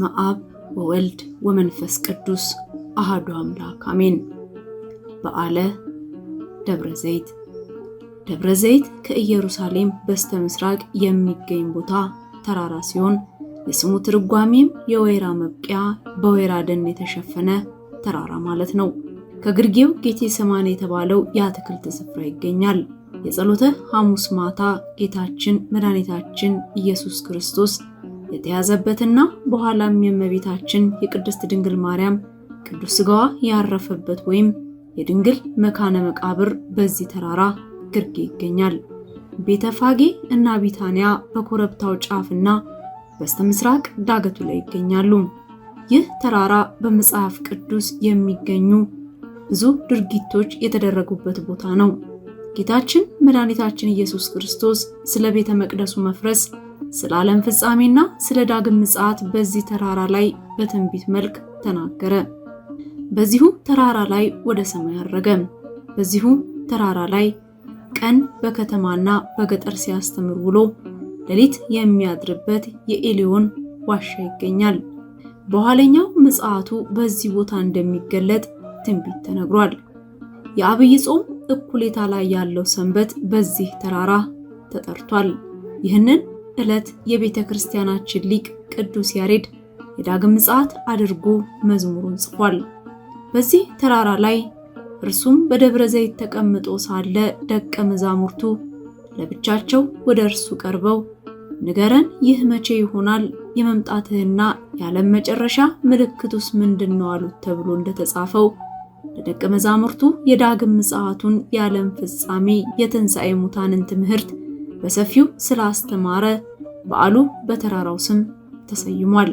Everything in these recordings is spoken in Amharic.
በስመ አብ ወወልድ ወመንፈስ ቅዱስ አሃዱ አምላክ አሜን። በዓለ ደብረ ዘይት። ደብረ ዘይት ከኢየሩሳሌም በስተ ምስራቅ የሚገኝ ቦታ ተራራ ሲሆን የስሙ ትርጓሜም የወይራ መብቂያ በወይራ ደን የተሸፈነ ተራራ ማለት ነው። ከግርጌው ጌቴ ሰማን የተባለው የአትክልት ስፍራ ይገኛል። የጸሎተ ሐሙስ ማታ ጌታችን መድኃኒታችን ኢየሱስ ክርስቶስ የተያዘበትና በኋላም የእመቤታችን የቅድስት ድንግል ማርያም ቅዱስ ሥጋዋ ያረፈበት ወይም የድንግል መካነ መቃብር በዚህ ተራራ ግርጌ ይገኛል። ቤተፋጌ እና ቢታንያ በኮረብታው ጫፍና በስተምስራቅ ዳገቱ ላይ ይገኛሉ። ይህ ተራራ በመጽሐፍ ቅዱስ የሚገኙ ብዙ ድርጊቶች የተደረጉበት ቦታ ነው። ጌታችን መድኃኒታችን ኢየሱስ ክርስቶስ ስለ ቤተ መቅደሱ መፍረስ ስለ ዓለም ፍጻሜና ስለ ዳግም ምጽአት በዚህ ተራራ ላይ በትንቢት መልክ ተናገረ። በዚሁ ተራራ ላይ ወደ ሰማይ አረገ። በዚሁ ተራራ ላይ ቀን በከተማና በገጠር ሲያስተምር ውሎ ሌሊት የሚያድርበት የኤሊዮን ዋሻ ይገኛል። በኋለኛው ምጽአቱ በዚህ ቦታ እንደሚገለጥ ትንቢት ተነግሯል። የአብይ ጾም እኩሌታ ላይ ያለው ሰንበት በዚህ ተራራ ተጠርቷል። ይህንን ዕለት የቤተ ክርስቲያናችን ሊቅ ቅዱስ ያሬድ የዳግም ምጽአት አድርጎ መዝሙሩን ጽፏል። በዚህ ተራራ ላይ እርሱም በደብረ ዘይት ተቀምጦ ሳለ ደቀ መዛሙርቱ ለብቻቸው ወደ እርሱ ቀርበው ንገረን፣ ይህ መቼ ይሆናል? የመምጣትህና የዓለም መጨረሻ ምልክቱስ ምንድን ነው? አሉት ተብሎ እንደተጻፈው ለደቀ መዛሙርቱ የዳግም ምጽአቱን፣ የዓለም ፍጻሜ፣ የትንሣኤ ሙታንን ትምህርት በሰፊው ስላስተማረ በዓሉ በተራራው ስም ተሰይሟል።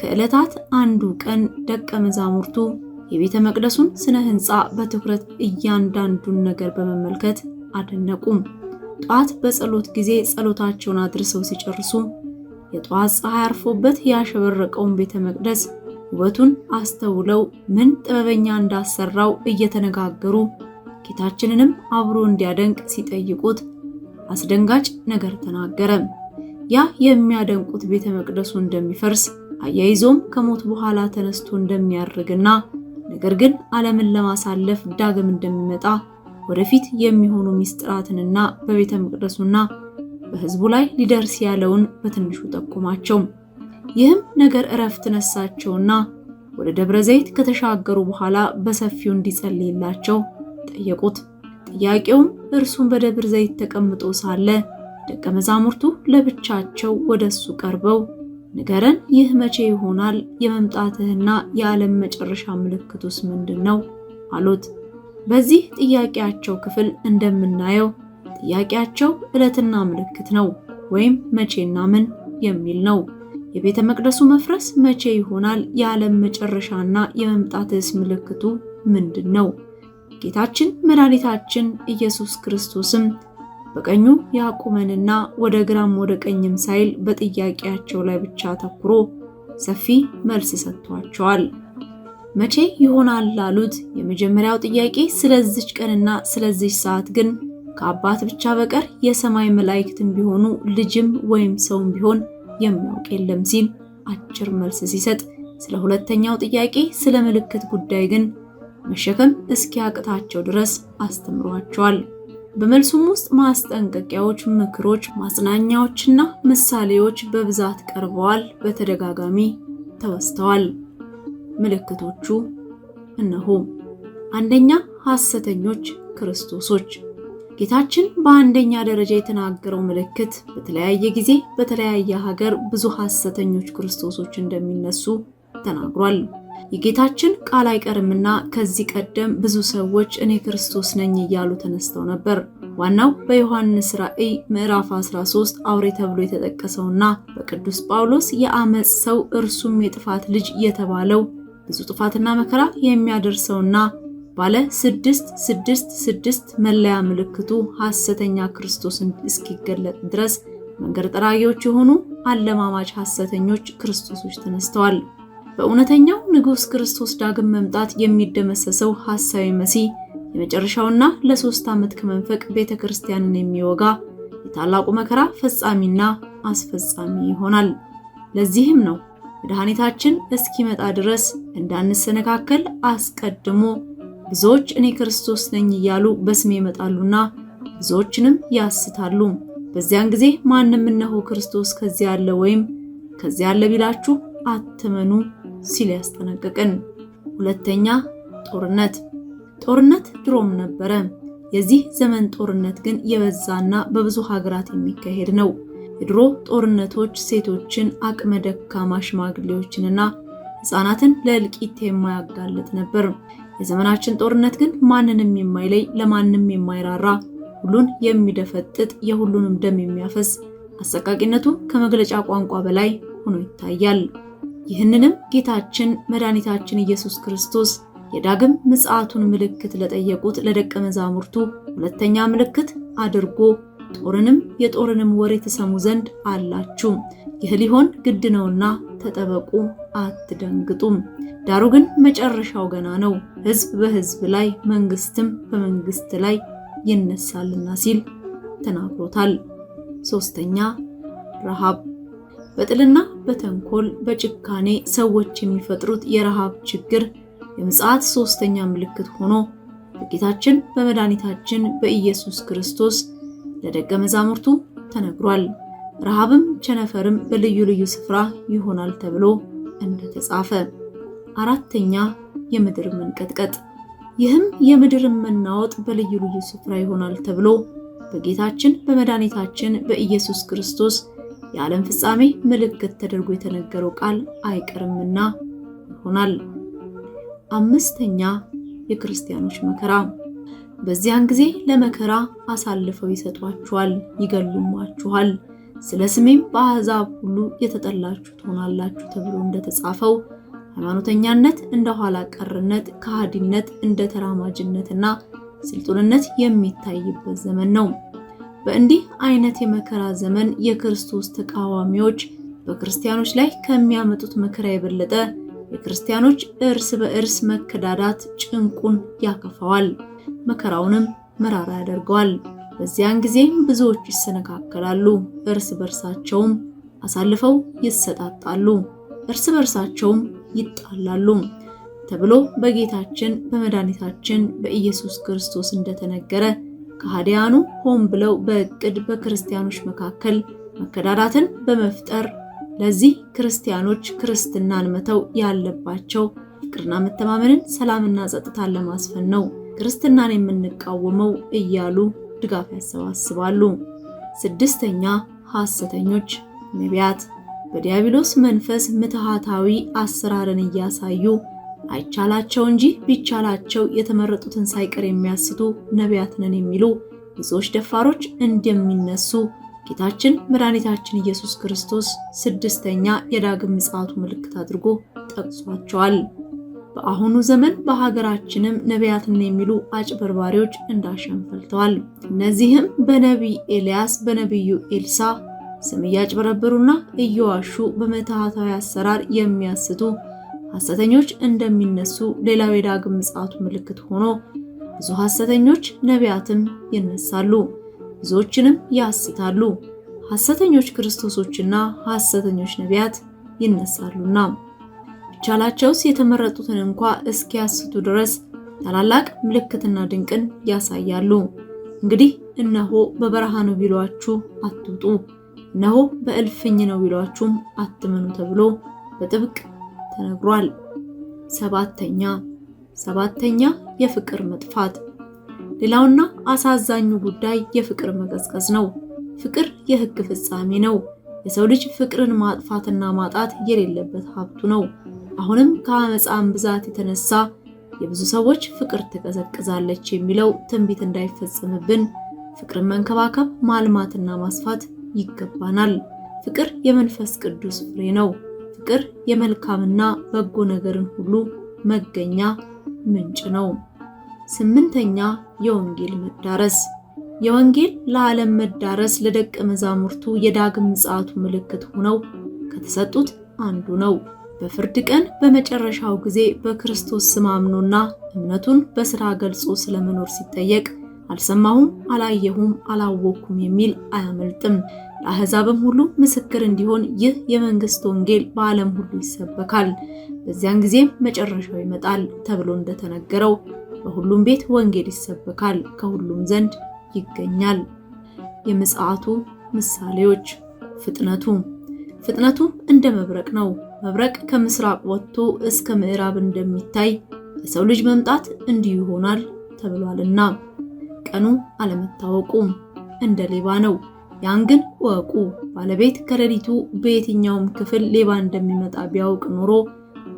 ከዕለታት አንዱ ቀን ደቀ መዛሙርቱ የቤተ መቅደሱን ስነ ሕንፃ በትኩረት እያንዳንዱን ነገር በመመልከት አደነቁም። ጠዋት በጸሎት ጊዜ ጸሎታቸውን አድርሰው ሲጨርሱ የጠዋት ፀሐይ አርፎበት ያሸበረቀውን ቤተ መቅደስ ውበቱን አስተውለው ምን ጥበበኛ እንዳሰራው እየተነጋገሩ ጌታችንንም አብሮ እንዲያደንቅ ሲጠይቁት አስደንጋጭ ነገር ተናገረ። ያ የሚያደንቁት ቤተ መቅደሱ እንደሚፈርስ አያይዞም ከሞት በኋላ ተነስቶ እንደሚያርግና ነገር ግን ዓለምን ለማሳለፍ ዳግም እንደሚመጣ ወደፊት የሚሆኑ ሚስጥራትንና በቤተ መቅደሱና በሕዝቡ ላይ ሊደርስ ያለውን በትንሹ ጠቁማቸው። ይህም ነገር እረፍት ነሳቸውና ወደ ደብረ ዘይት ከተሻገሩ በኋላ በሰፊው እንዲጸልይላቸው ጠየቁት። ጥያቄውም እርሱን በደብር ዘይት ተቀምጦ ሳለ ደቀ መዛሙርቱ ለብቻቸው ወደ እሱ ቀርበው ንገረን፣ ይህ መቼ ይሆናል? የመምጣትህና የዓለም መጨረሻ ምልክቱስ ምንድን ነው? አሉት። በዚህ ጥያቄያቸው ክፍል እንደምናየው ጥያቄያቸው ዕለትና ምልክት ነው ወይም መቼና ምን የሚል ነው። የቤተ መቅደሱ መፍረስ መቼ ይሆናል? የዓለም መጨረሻና የመምጣትስ ምልክቱ ምንድን ነው? ጌታችን መድኃኒታችን ኢየሱስ ክርስቶስም በቀኙ ያቁመንና ወደ ግራም ወደ ቀኝም ሳይል በጥያቄያቸው ላይ ብቻ አተኩሮ ሰፊ መልስ ሰጥቷቸዋል። መቼ ይሆናል ላሉት የመጀመሪያው ጥያቄ ስለዚች ቀንና ስለዚች ሰዓት ግን ከአባት ብቻ በቀር የሰማይ መላእክትም ቢሆኑ ልጅም ወይም ሰውም ቢሆን የሚያውቅ የለም ሲል አጭር መልስ ሲሰጥ፣ ስለ ሁለተኛው ጥያቄ ስለ ምልክት ጉዳይ ግን መሸከም እስኪያቅታቸው ድረስ አስተምሯቸዋል። በመልሱም ውስጥ ማስጠንቀቂያዎች፣ ምክሮች፣ ማጽናኛዎችና ምሳሌዎች በብዛት ቀርበዋል፣ በተደጋጋሚ ተወስተዋል። ምልክቶቹ እነሆ። አንደኛ ሐሰተኞች ክርስቶሶች። ጌታችን በአንደኛ ደረጃ የተናገረው ምልክት በተለያየ ጊዜ በተለያየ ሀገር ብዙ ሐሰተኞች ክርስቶሶች እንደሚነሱ ተናግሯል። የጌታችን ቃል አይቀርምና ከዚህ ቀደም ብዙ ሰዎች እኔ ክርስቶስ ነኝ እያሉ ተነስተው ነበር። ዋናው በዮሐንስ ራእይ ምዕራፍ 13 አውሬ ተብሎ የተጠቀሰውና በቅዱስ ጳውሎስ የአመፅ ሰው እርሱም የጥፋት ልጅ የተባለው ብዙ ጥፋትና መከራ የሚያደርሰውና ባለ ስድስት ስድስት ስድስት መለያ ምልክቱ ሐሰተኛ ክርስቶስን እስኪገለጥ ድረስ መንገድ ጠራጊዎች የሆኑ አለማማጭ ሐሰተኞች ክርስቶሶች ተነስተዋል። በእውነተኛው ንጉሥ ክርስቶስ ዳግም መምጣት የሚደመሰሰው ሐሳዊ መሲህ የመጨረሻውና ለሶስት ዓመት ከመንፈቅ ቤተ ክርስቲያንን የሚወጋ የታላቁ መከራ ፈጻሚና አስፈጻሚ ይሆናል። ለዚህም ነው መድኃኒታችን እስኪመጣ ድረስ እንዳንሰነካከል አስቀድሞ ብዙዎች እኔ ክርስቶስ ነኝ እያሉ በስሜ ይመጣሉና ብዙዎችንም ያስታሉ። በዚያን ጊዜ ማንም እነሆ ክርስቶስ ከዚያ አለ ወይም ከዚያ አለ ቢላችሁ አትመኑ ሲል ያስጠነቀቅን። ሁለተኛ ጦርነት። ጦርነት ድሮም ነበረ። የዚህ ዘመን ጦርነት ግን የበዛና በብዙ ሀገራት የሚካሄድ ነው። የድሮ ጦርነቶች ሴቶችን፣ አቅመ ደካማ ሽማግሌዎችንና ህፃናትን ለእልቂት የማያጋልጥ ነበር። የዘመናችን ጦርነት ግን ማንንም የማይለይ ለማንም የማይራራ ሁሉን የሚደፈጥጥ የሁሉንም ደም የሚያፈስ አሰቃቂነቱ ከመግለጫ ቋንቋ በላይ ሆኖ ይታያል። ይህንንም ጌታችን መድኃኒታችን ኢየሱስ ክርስቶስ የዳግም ምጽአቱን ምልክት ለጠየቁት ለደቀ መዛሙርቱ ሁለተኛ ምልክት አድርጎ ጦርንም የጦርንም ወሬ ትሰሙ ዘንድ አላችሁ፣ ይህ ሊሆን ግድ ነውና ተጠበቁ፣ አትደንግጡም። ዳሩ ግን መጨረሻው ገና ነው፣ ሕዝብ በሕዝብ ላይ መንግስትም በመንግስት ላይ ይነሳልና ሲል ተናግሮታል። ሶስተኛ ረሃብ በጥልና በተንኮል በጭካኔ ሰዎች የሚፈጥሩት የረሃብ ችግር የምጽአት ሶስተኛ ምልክት ሆኖ በጌታችን በመድኃኒታችን በኢየሱስ ክርስቶስ ለደቀ መዛሙርቱ ተነግሯል። ረሃብም ቸነፈርም በልዩ ልዩ ስፍራ ይሆናል ተብሎ እንደተጻፈ። አራተኛ የምድር መንቀጥቀጥ። ይህም የምድር መናወጥ በልዩ ልዩ ስፍራ ይሆናል ተብሎ በጌታችን በመድኃኒታችን በኢየሱስ ክርስቶስ የዓለም ፍጻሜ ምልክት ተደርጎ የተነገረው ቃል አይቀርምና ይሆናል። አምስተኛ የክርስቲያኖች መከራ። በዚያን ጊዜ ለመከራ አሳልፈው ይሰጧችኋል፣ ይገሉማችኋል፣ ስለ ስሜም በአሕዛብ ሁሉ የተጠላችሁ ትሆናላችሁ ተብሎ እንደተጻፈው ሃይማኖተኛነት እንደ ኋላ ቀርነት፣ ከሃዲነት እንደ ተራማጅነትና ስልጡንነት የሚታይበት ዘመን ነው። በእንዲህ አይነት የመከራ ዘመን የክርስቶስ ተቃዋሚዎች በክርስቲያኖች ላይ ከሚያመጡት መከራ የበለጠ የክርስቲያኖች እርስ በእርስ መከዳዳት ጭንቁን ያከፋዋል፣ መከራውንም መራራ ያደርገዋል። በዚያን ጊዜም ብዙዎች ይሰነካከላሉ፣ እርስ በርሳቸውም አሳልፈው ይሰጣጣሉ፣ እርስ በርሳቸውም ይጣላሉ ተብሎ በጌታችን በመድኃኒታችን በኢየሱስ ክርስቶስ እንደተነገረ ከሃዲያኑ ሆን ብለው በእቅድ በክርስቲያኖች መካከል መከዳዳትን በመፍጠር ለዚህ ክርስቲያኖች ክርስትናን መተው ያለባቸው ፍቅርና መተማመንን፣ ሰላምና ጸጥታን ለማስፈን ነው ክርስትናን የምንቃወመው እያሉ ድጋፍ ያሰባስባሉ። ስድስተኛ ሐሰተኞች ነቢያት በዲያብሎስ መንፈስ ምትሃታዊ አሰራርን እያሳዩ አይቻላቸው እንጂ ቢቻላቸው የተመረጡትን ሳይቀር የሚያስቱ ነቢያት ነን የሚሉ ብዙዎች ደፋሮች እንደሚነሱ ጌታችን መድኃኒታችን ኢየሱስ ክርስቶስ ስድስተኛ የዳግም ምጽአቱ ምልክት አድርጎ ጠቅሷቸዋል። በአሁኑ ዘመን በሀገራችንም ነቢያትን የሚሉ አጭበርባሪዎች እንዳሸንፈልተዋል። እነዚህም በነቢይ ኤልያስ፣ በነቢዩ ኤልሳ ስም እያጭበረበሩና እየዋሹ በምትሃታዊ አሰራር የሚያስቱ ሐሰተኞች እንደሚነሱ ሌላው የዳግም ምጽአቱ ምልክት ሆኖ ብዙ ሐሰተኞች ነቢያትም ይነሳሉ፣ ብዙዎችንም ያስታሉ። ሐሰተኞች ክርስቶሶችና ሐሰተኞች ነቢያት ይነሳሉና ቻላቸውስ የተመረጡትን እንኳ እስኪያስቱ ድረስ ታላላቅ ምልክትና ድንቅን ያሳያሉ። እንግዲህ እነሆ በበረሃ ነው ቢሏችሁ አትውጡ፣ እነሆ በእልፍኝ ነው ቢሏችሁም አትመኑ ተብሎ በጥብቅ ተነግሯል። ሰባተኛ ሰባተኛ የፍቅር መጥፋት። ሌላውና አሳዛኙ ጉዳይ የፍቅር መቀዝቀዝ ነው። ፍቅር የህግ ፍጻሜ ነው። የሰው ልጅ ፍቅርን ማጥፋትና ማጣት የሌለበት ሀብቱ ነው። አሁንም ከአመፃን ብዛት የተነሳ የብዙ ሰዎች ፍቅር ትቀዘቅዛለች የሚለው ትንቢት እንዳይፈጸምብን ፍቅርን መንከባከብ ማልማትና ማስፋት ይገባናል። ፍቅር የመንፈስ ቅዱስ ፍሬ ነው። ፍቅር የመልካምና በጎ ነገርን ሁሉ መገኛ ምንጭ ነው። ስምንተኛ የወንጌል መዳረስ የወንጌል ለዓለም መዳረስ ለደቀ መዛሙርቱ የዳግም ምጽአቱ ምልክት ሆነው ከተሰጡት አንዱ ነው። በፍርድ ቀን በመጨረሻው ጊዜ በክርስቶስ ስም አምኖና እምነቱን በሥራ ገልጾ ስለመኖር ሲጠየቅ አልሰማሁም፣ አላየሁም፣ አላወቅኩም የሚል አያመልጥም። ለአሕዛብም ሁሉ ምስክር እንዲሆን ይህ የመንግስት ወንጌል በዓለም ሁሉ ይሰበካል፣ በዚያን ጊዜም መጨረሻው ይመጣል ተብሎ እንደተነገረው በሁሉም ቤት ወንጌል ይሰበካል፣ ከሁሉም ዘንድ ይገኛል። የምጽአቱ ምሳሌዎች ፍጥነቱ ፍጥነቱ እንደ መብረቅ ነው። መብረቅ ከምስራቅ ወጥቶ እስከ ምዕራብ እንደሚታይ የሰው ልጅ መምጣት እንዲሁ ይሆናል ተብሏልና። ቀኑ አለመታወቁም እንደ ሌባ ነው። ያን ግን እወቁ፣ ባለቤት ከሌሊቱ በየትኛውም ክፍል ሌባ እንደሚመጣ ቢያውቅ ኖሮ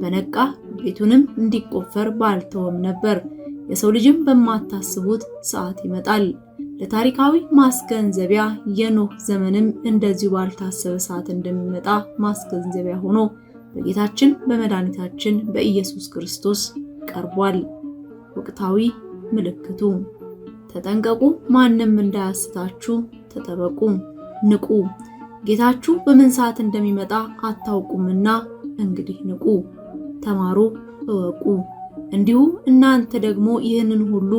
በነቃ ቤቱንም እንዲቆፈር ባልተወም ነበር። የሰው ልጅም በማታስቡት ሰዓት ይመጣል። ለታሪካዊ ማስገንዘቢያ የኖህ ዘመንም እንደዚሁ ባልታሰበ ሰዓት እንደሚመጣ ማስገንዘቢያ ሆኖ በጌታችን በመድኃኒታችን በኢየሱስ ክርስቶስ ቀርቧል። ወቅታዊ ምልክቱ ተጠንቀቁ፣ ማንም እንዳያስታችሁ ተጠበቁ፣ ንቁ፣ ጌታችሁ በምን ሰዓት እንደሚመጣ አታውቁምና እንግዲህ ንቁ፣ ተማሩ፣ እወቁ። እንዲሁ እናንተ ደግሞ ይህንን ሁሉ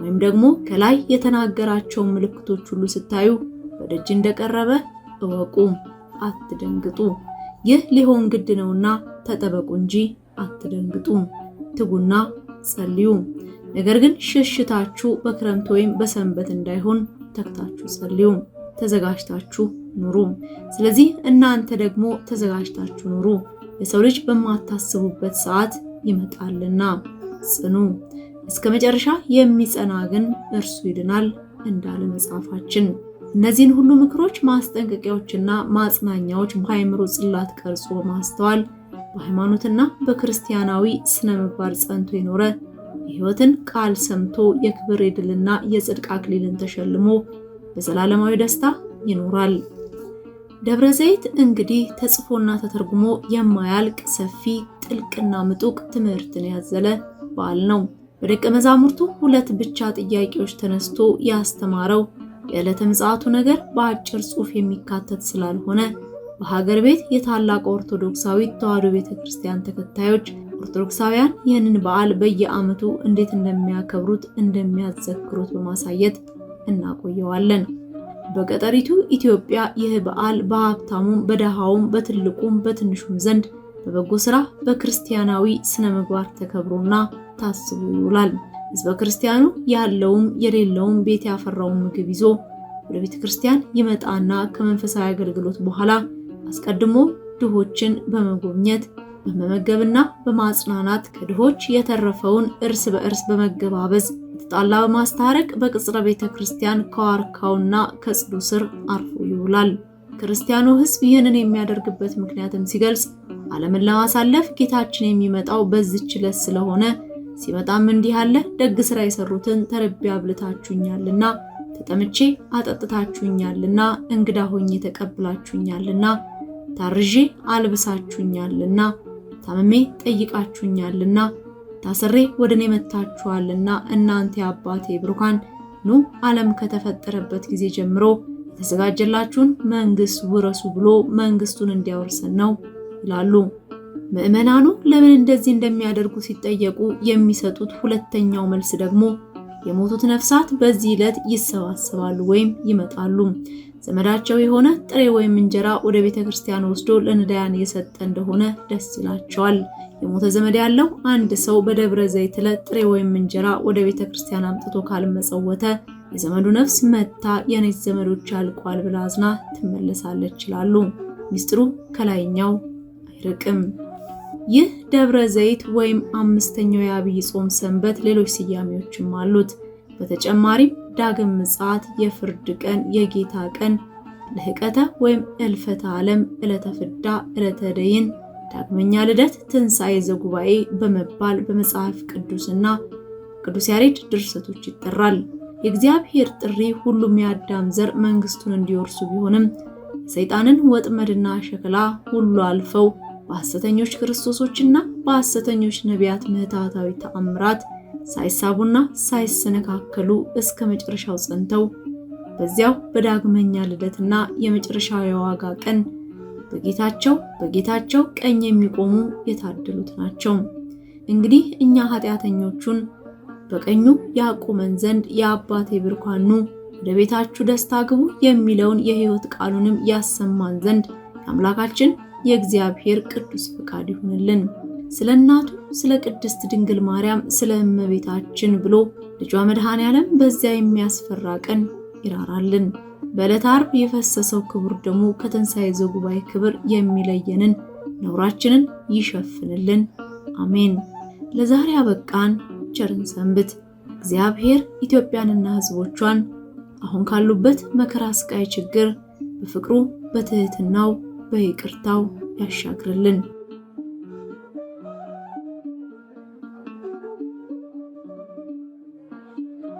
ወይም ደግሞ ከላይ የተናገራቸውን ምልክቶች ሁሉ ስታዩ በደጅ እንደቀረበ እወቁ፣ አትደንግጡ። ይህ ሊሆን ግድ ነውና ተጠበቁ እንጂ አትደንግጡ። ትጉና ጸልዩ። ነገር ግን ሽሽታችሁ በክረምት ወይም በሰንበት እንዳይሆን ተግታችሁ ጸልዩ፣ ተዘጋጅታችሁ ኑሩ። ስለዚህ እናንተ ደግሞ ተዘጋጅታችሁ ኑሩ፣ የሰው ልጅ በማታስቡበት ሰዓት ይመጣልና። ጽኑ፣ እስከ መጨረሻ የሚጸና ግን እርሱ ይድናል እንዳለ መጽሐፋችን። እነዚህን ሁሉ ምክሮች፣ ማስጠንቀቂያዎችና ማጽናኛዎች በሃይምሮ ጽላት ቀርጾ በማስተዋል በሃይማኖትና በክርስቲያናዊ ስነ ምግባር ጸንቶ የኖረ የሕይወትን ቃል ሰምቶ የክብር የድልና የጽድቅ አክሊልን ተሸልሞ በዘላለማዊ ደስታ ይኖራል። ደብረ ዘይት እንግዲህ ተጽፎና ተተርጉሞ የማያልቅ ሰፊ ጥልቅና ምጡቅ ትምህርትን ያዘለ በዓል ነው። በደቀ መዛሙርቱ ሁለት ብቻ ጥያቄዎች ተነስቶ ያስተማረው የዕለተ ምጽአቱ ነገር በአጭር ጽሑፍ የሚካተት ስላልሆነ በሀገር ቤት የታላቅ ኦርቶዶክሳዊ ተዋሕዶ ቤተ ክርስቲያን ተከታዮች ኦርቶዶክሳውያን ይህንን በዓል በየዓመቱ እንዴት እንደሚያከብሩት እንደሚያዘክሩት በማሳየት እናቆየዋለን። በገጠሪቱ ኢትዮጵያ ይህ በዓል በሀብታሙም በደሃውም በትልቁም በትንሹም ዘንድ በበጎ ስራ በክርስቲያናዊ ስነ ምግባር ተከብሮና ታስቦ ይውላል። ህዝበ ክርስቲያኑ ያለውም የሌለውም ቤት ያፈራውን ምግብ ይዞ ወደ ቤተ ክርስቲያን ይመጣና ከመንፈሳዊ አገልግሎት በኋላ አስቀድሞ ድሆችን በመጎብኘት በመመገብና በማጽናናት ከድሆች የተረፈውን እርስ በእርስ በመገባበዝ የተጣላ በማስታረቅ በቅጽረ ቤተ ክርስቲያን ከዋርካውና ከጽዱ ስር አርፎ ይውላል። ክርስቲያኑ ሕዝብ ይህንን የሚያደርግበት ምክንያትም ሲገልጽ ዓለምን ለማሳለፍ ጌታችን የሚመጣው በዚች ዕለት ስለሆነ ሲመጣም እንዲህ አለ፣ ደግ ስራ የሰሩትን ተርቤ አብልታችሁኛልና፣ ተጠምቼ አጠጥታችሁኛልና፣ እንግዳ ሆኜ ተቀብላችሁኛልና፣ ታርዤ አልብሳችሁኛልና ታምሜ ጠይቃችሁኛልና ታስሬ ወደ እኔ መጥታችኋልና እናንተ አባቴ ብሩካን ኑ ዓለም ከተፈጠረበት ጊዜ ጀምሮ የተዘጋጀላችሁን መንግስት ውረሱ ብሎ መንግስቱን እንዲያወርሰን ነው ይላሉ። ምዕመናኑ ለምን እንደዚህ እንደሚያደርጉ ሲጠየቁ የሚሰጡት ሁለተኛው መልስ ደግሞ የሞቱት ነፍሳት በዚህ ዕለት ይሰባሰባሉ ወይም ይመጣሉ። ዘመዳቸው የሆነ ጥሬ ወይም እንጀራ ወደ ቤተ ክርስቲያን ወስዶ ለነዳያን የሰጠ እንደሆነ ደስ ይላቸዋል። የሞተ ዘመድ ያለው አንድ ሰው በደብረ ዘይት ዕለት ጥሬ ወይም እንጀራ ወደ ቤተ ክርስቲያን አምጥቶ ካልመጸወተ የዘመዱ ነፍስ መታ የኔት ዘመዶች ያልቋል ብላ አዝና ትመለሳለች ይላሉ። ሚስጥሩ ከላይኛው አይርቅም። ይህ ደብረ ዘይት ወይም አምስተኛው የአብይ ጾም ሰንበት ሌሎች ስያሜዎችም አሉት። በተጨማሪም ዳግም ምጽአት፣ የፍርድ ቀን፣ የጌታ ቀን፣ ልህቀተ ወይም እልፈተ ዓለም፣ ዕለተ ፍዳ፣ ዕለተ ደይን፣ ዳግመኛ ልደት፣ ትንሣኤ ዘጉባኤ በመባል በመጽሐፍ ቅዱስና ቅዱስ ያሬድ ድርሰቶች ይጠራል። የእግዚአብሔር ጥሪ ሁሉም የአዳም ዘር መንግስቱን እንዲወርሱ ቢሆንም ሰይጣንን ወጥመድና ሸክላ ሁሉ አልፈው በሐሰተኞች ክርስቶሶችና በሐሰተኞች ነቢያት ምህታታዊ ተአምራት ሳይሳቡና ሳይሰነካከሉ እስከ መጨረሻው ጸንተው በዚያው በዳግመኛ ልደትና የመጨረሻው የዋጋ ቀን በጌታቸው በጌታቸው ቀኝ የሚቆሙ የታደሉት ናቸው። እንግዲህ እኛ ኃጢአተኞቹን በቀኙ ያቆመን ዘንድ የአባቴ ብርኳኑ ወደ ቤታችሁ ደስታ ግቡ የሚለውን የሕይወት ቃሉንም ያሰማን ዘንድ አምላካችን የእግዚአብሔር ቅዱስ ፍቃድ ይሁንልን። ስለ እናቱ ስለ ቅድስት ድንግል ማርያም ስለ እመቤታችን ብሎ ልጇ መድኃኔ ዓለም በዚያ የሚያስፈራ ቀን ይራራልን። በዕለተ ዓርብ የፈሰሰው ክቡር ደሙ ከትንሣኤ ዘጉባኤ ክብር የሚለየንን ነውራችንን ይሸፍንልን። አሜን። ለዛሬ አበቃን። ቸርን ሰንብት። እግዚአብሔር ኢትዮጵያንና ሕዝቦቿን አሁን ካሉበት መከራ፣ ስቃይ፣ ችግር በፍቅሩ በትህትናው በይቅርታው ያሻግርልን።